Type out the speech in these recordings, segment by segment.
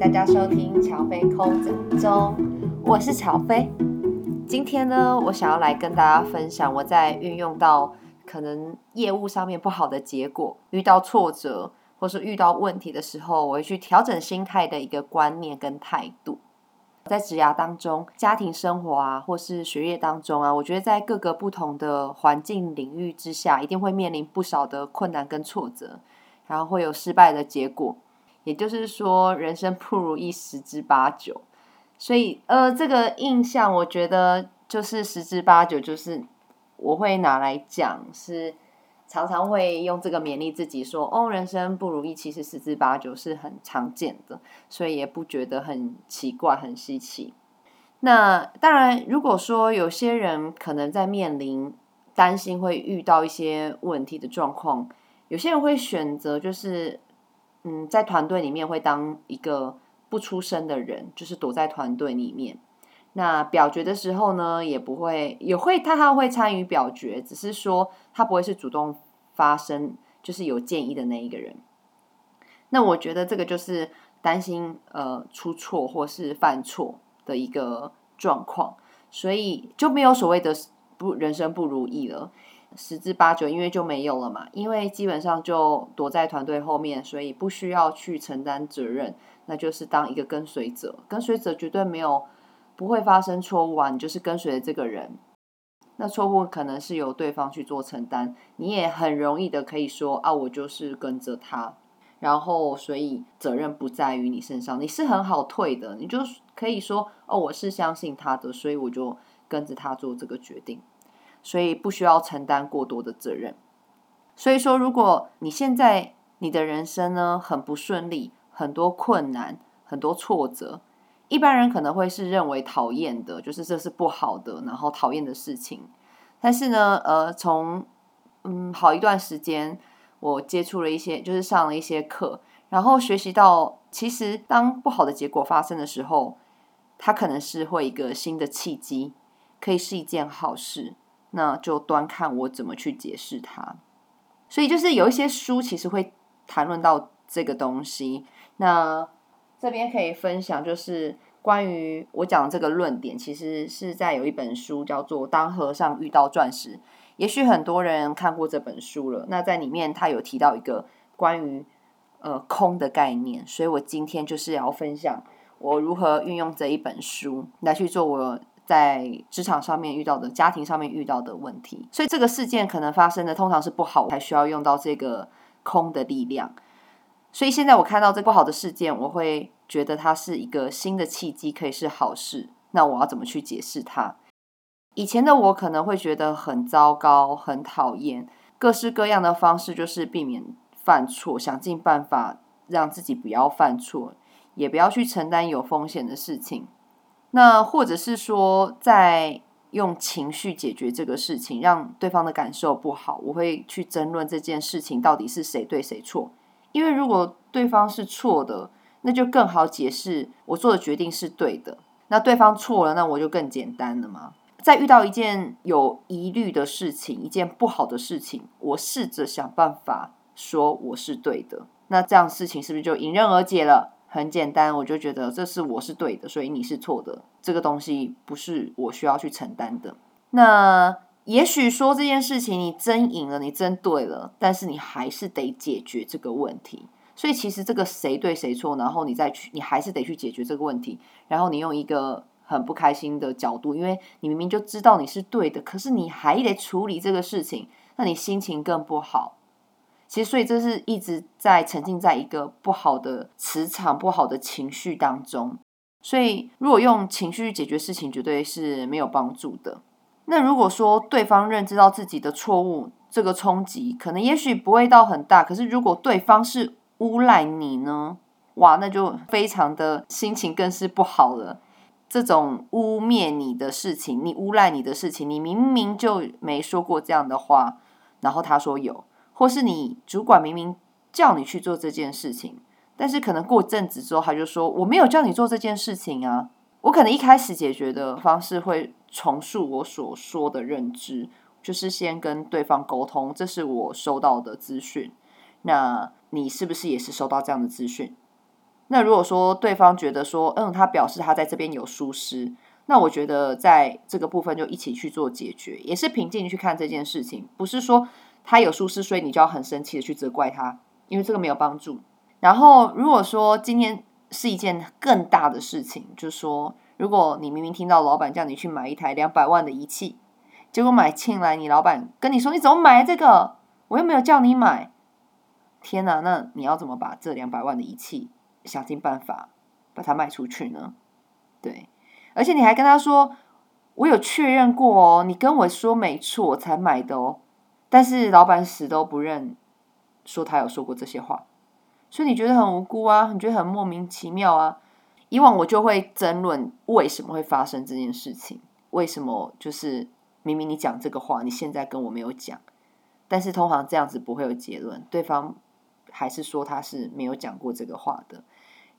大家收聽喬飛空診中，我是喬飛。今天呢，我想要來跟大家分享我在運用到可能業務上面不好的結果，遇到挫折或是遇到問題的時候，我會去調整心態的一個觀念跟態度。在職涯當中、家庭生活啊，或是學業當中啊，我覺得在各個不同的環境領域之下，一定會面臨不少的困難跟挫折，然後會有失敗的結果。也就是說，人生不如意十之八九，所以呃，這個印象我覺得就是十之八九，就是我會拿來講，是常常會用這個勉勵自己說，哦，人生不如意，其實十之八九是很常見的，所以也不覺得很奇怪、很稀奇。那當然，如果說有些人可能在面臨擔心會遇到一些問題的狀況，有些人會選擇就是。嗯，在團隊裡面會當一個不出聲的人，就是躲在團隊裡面。那表決的時候呢，也不會，也會，他他會參與表決，只是說他不會是主動發聲，就是有建議的那一個人。那我覺得這個就是擔心呃出錯或是犯錯的一個狀況，所以就沒有所謂的不人生不如意了，十之八九，因為就沒有了嘛。因為基本上就躲在團隊後面，所以不需要去承擔責任。那就是當一個跟隨者，跟隨者絕對沒有不會發生錯誤啊。你就是跟隨這個人，那錯誤可能是由對方去做承擔。你也很容易的可以說啊，我就是跟着他，然後所以責任不在於你身上。你是很好退的，你就可以說哦，我是相信他的，所以我就跟着他做這個決定。所以不需要承擔過多的責任。所以說，如果你現在你的人生呢，很不順利，很多困難，很多挫折，一般人可能會是認為討厭的，就是這是不好的，然後討厭的事情。但是呢，呃，從嗯好一段時間，我接觸了一些，就是上了一些課，然後學習到，其實當不好的結果發生的時候，它可能是會一個新的契機，可以是一件好事。那就端看我怎麼去解釋它，所以就是有一些書其實會談論到這個東西。那這邊可以分享，就是關於我講的這個論點，其實是在有一本書叫做《當和尚遇到鑽石》，也許很多人看過這本書了。那在裡面他有提到一個關於呃空的概念，所以我今天就是要分享我如何運用這一本書來去做我。在職場上面遇到的家庭上面遇到的問題，所以這個事件可能發生的通常是不好，才需要用到這個空的力量。所以現在我看到這不好的事件，我會覺得它是一個新的契機，可以是好事。那我要怎麼去解釋它？以前的我可能會覺得很糟糕、很討厭，各式各樣的方式就是避免犯錯，想盡辦法讓自己不要犯錯，也不要去承擔有風險的事情。那或者是說，在用情緒解決這個事情，讓對方的感受不好，我會去爭論這件事情到底是誰對誰錯。因為如果對方是錯的，那就更好解釋我做的決定是對的。那對方錯了，那我就更簡單了嘛。在遇到一件有疑慮的事情，一件不好的事情，我試着想辦法說我是對的，那這樣事情是不是就迎刃而解了？很簡單，我就覺得這是我是對的，所以你是錯的。這個東西不是我需要去承擔的。那也許說這件事情你真贏了，你真對了，但是你還是得解決這個問題。所以其實這個誰對誰錯，然後你再去，你還是得去解決這個問題。然後你用一個很不開心的角度，因為你明明就知道你是對的，可是你還得處理這個事情，那你心情更不好。其實，所以這是一直在沉浸在一個不好的磁場、不好的情緒當中。所以，如果用情緒去解決事情，絕對是沒有幫助的。那如果說對方認知到自己的錯誤，這個衝擊可能也許不會到很大。可是，如果對方是誣賴你呢？哇，那就非常的心情更是不好了。這種汙衊你的事情，你誣賴你的事情，你明明就沒說過這樣的話，然後他說有。或是你主管明明叫你去做這件事情，但是可能過一陣子之後，他就說我沒有叫你做這件事情啊。我可能一開始解決的方式會重塑我所說的認知，就是先跟對方溝通，這是我收到的資訊。那你是不是也是收到這樣的資訊？那如果說對方覺得說，嗯，他表示他在這邊有疏失，那我覺得在這個部分就一起去做解決，也是平靜去看這件事情，不是說他有疏失，所以你就要很生氣的去責怪他，因為這個沒有幫助。然後，如果說今天是一件更大的事情，就是說，如果你明明聽到老闆叫你去買一台兩百萬的儀器，結果買進來，你老闆跟你說：“你怎麼買這個？我又沒有叫你買。”天哪！那你要怎麼把這兩百萬的儀器想盡辦法把它賣出去呢？對，而且你還跟他說：“我有確認過哦，你跟我說沒錯，我才買的哦。”但是老闆死都不認，說他有說過這些話，所以你覺得很無辜啊，你覺得很莫名其妙啊。以往我就會爭論為什麼會發生這件事情，為什麼就是明明你講這個話，你現在跟我沒有講，但是通常這樣子不會有結論，對方還是說他是沒有講過這個話的。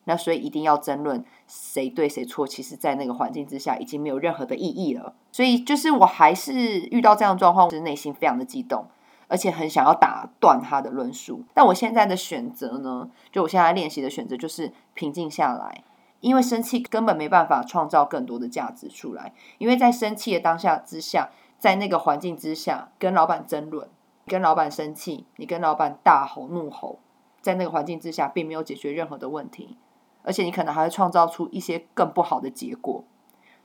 那所以一定要爭論誰對誰錯，其實，在那個環境之下已經沒有任何的意義了。所以，就是我還是遇到這樣的狀況，是內心非常的激動，而且很想要打斷他的論述。但我現在的選擇呢，就我現在練習的選擇，就是平靜下來，因為生氣根本沒辦法創造更多的價值出來。因為在生氣的當下之下，在那個環境之下，跟老闆爭論，跟老板生氣，你跟老板大吼怒吼，在那個環境之下，並沒有解決任何的問題。而且你可能還會創造出一些更不好的結果，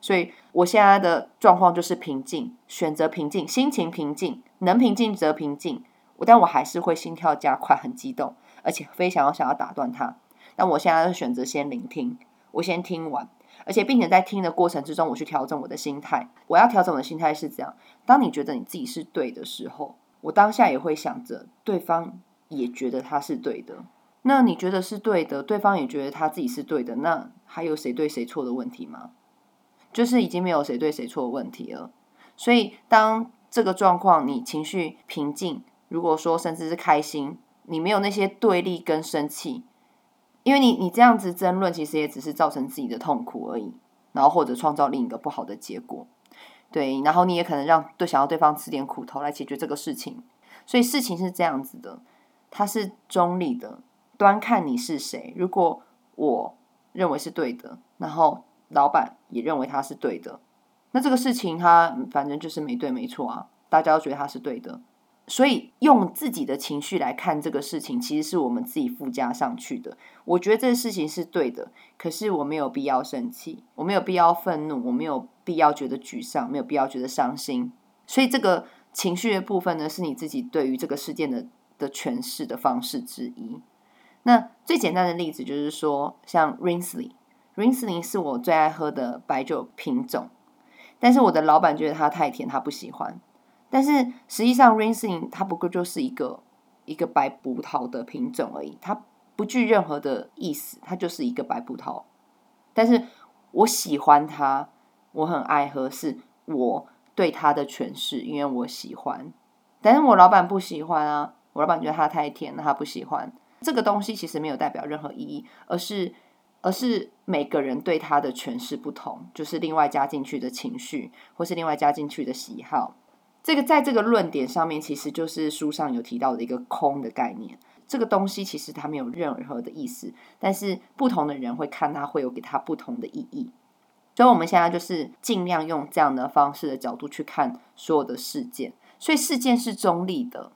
所以我現在的狀況就是平靜，選擇平靜，心情平靜，能平靜則平靜。我，但我還是會心跳加快，很激動，而且非常想要打斷他。但我現在是選擇先聆聽，我先聽完，而且並且在聽的過程之中，我去調整我的心態。我要調整我的心態是這樣，當你覺得你自己是對的時候，我當下也會想着對方也覺得他是對的。那你覺得是對的，對方也覺得他自己是對的，那還有誰對誰錯的問題嗎？就是已經沒有誰對誰錯的問題了。所以當這個狀況你情緒平靜，如果說甚至是開心，你沒有那些對立跟生氣，因為你你這樣子爭論，其實也只是造成自己的痛苦而已，然後或者創造另一個不好的結果。對，然後你也可能讓對想要對方吃點苦頭來解決這個事情，所以事情是這樣子的，它是中立的。端看你是誰。如果我認為是對的，然後老闆也認為他是對的，那這個事情他反正就是沒對沒錯啊，大家都覺得他是對的。所以用自己的情緒來看這個事情，其實是我們自己附加上去的。我覺得這個事情是對的，可是我沒有必要生氣，我沒有必要憤怒，我沒有必要覺得沮喪，沒有必要覺得傷心。所以這個情緒的部分呢，是你自己對於這個事件的，的詮釋的方式之一。那最簡單的例子就是說，像 Riesling Riesling 是我最愛喝的白酒品種。但是我的老板覺得它太甜，他不喜歡。但是實際上 Riesling 它不過就是一個一個白葡萄的品種而已，它不具任何的意思，它就是一個白葡萄。但是我喜歡它，我很愛喝，是我對它的詮釋，因為我喜歡。但是我老板不喜歡啊，我老板覺得它太甜，他不喜歡。這個東西其實沒有代表任何意義，而是而是每個人對它的詮釋不同，就是另外加進去的情緒，或是另外加進去的喜好。這個在這個論點上面，其實就是書上有提到的一個“空”的概念。這個東西其實它沒有任何的意思，但是不同的人會看它，會有給它不同的意義。所以我們現在就是盡量用這樣的方式的角度去看所有的事件，所以事件是中立的。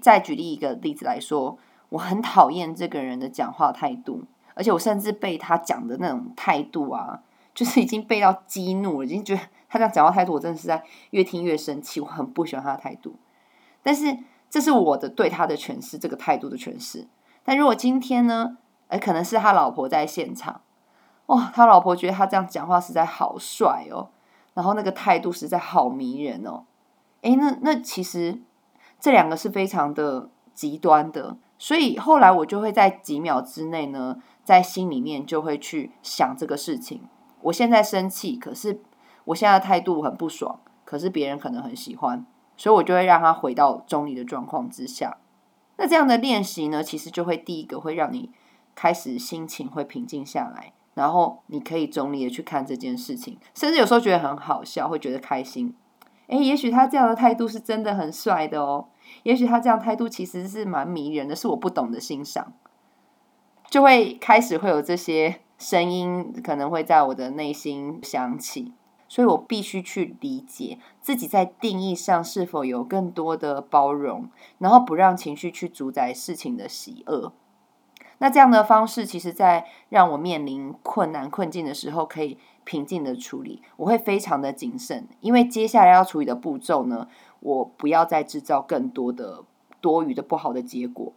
再舉例一個例子來說。我很討厭這個人的講話態度，而且我甚至被他講的那種態度啊，就是已經被到激怒了，已經覺得他這樣講話態度，我真的是在越聽越生氣，我很不喜歡他的態度。但是這是我的對他的詮釋，這個態度的詮釋。但如果今天呢，誒，可能是他老婆在現場，哦，他老婆覺得他這樣講話實在好帥哦，然後那個態度實在好迷人哦，誒，那那其實這兩個是非常的極端的。所以後來我就會在幾秒之內呢，在心裡面就會去想這個事情。我現在生氣，可是我現在的態度很不爽，可是別人可能很喜歡，所以我就會讓他回到中立的狀況之下。那這樣的練習呢，其實就會第一個會讓你開始心情會平靜下來，然後你可以中立的去看這件事情，甚至有時候覺得很好笑，會覺得開心。誒，也許他這樣的態度是真的很帥的哦。也許他這樣態度其實是蠻迷人的，是我不懂得欣賞，就會開始會有這些聲音可能會在我的內心響起。所以我必須去理解自己在定義上是否有更多的包容，然後不讓情緒去主宰事情的喜惡。那這樣的方式，其實在讓我面臨困難困境的時候，可以。平靜的處理，我會非常的謹慎，因為接下來要處理的步驟呢，我不要再製造更多的多餘的不好的結果。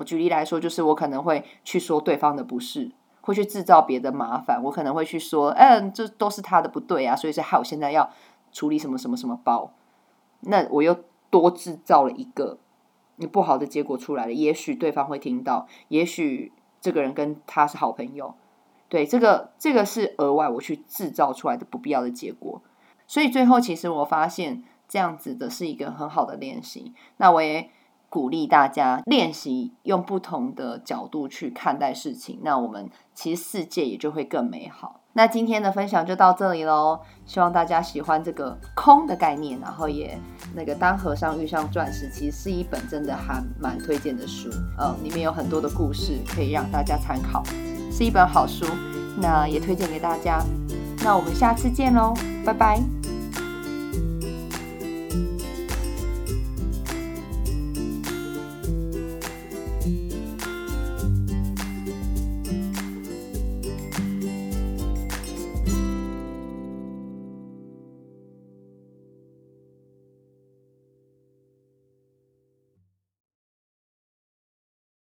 我舉例來說，就是我可能會去說對方的不是，會去製造別的麻煩。我可能會去說，嗯、哎，這都是他的不對啊，所以是害我現在要處理什麼什麼什麼包，那我又多製造了一個你不好的結果出來了。也許對方會聽到，也許這個人跟他是好朋友。對，這個這個是額外我去製造出來的不必要的結果，所以最後其實我發現這樣子的是一個很好的練習。那我也鼓勵大家練習用不同的角度去看待事情，那我們其實世界也就會更美好。那今天的分享就到這裡嘍，希望大家喜歡這個空的概念，然後也那個當和尚遇上鑽石其實是一本真的還蠻推薦的書，呃、嗯，裡面有很多的故事可以讓大家參考。是一本好書，那也推薦給大家。那我們下次見嘍，拜拜。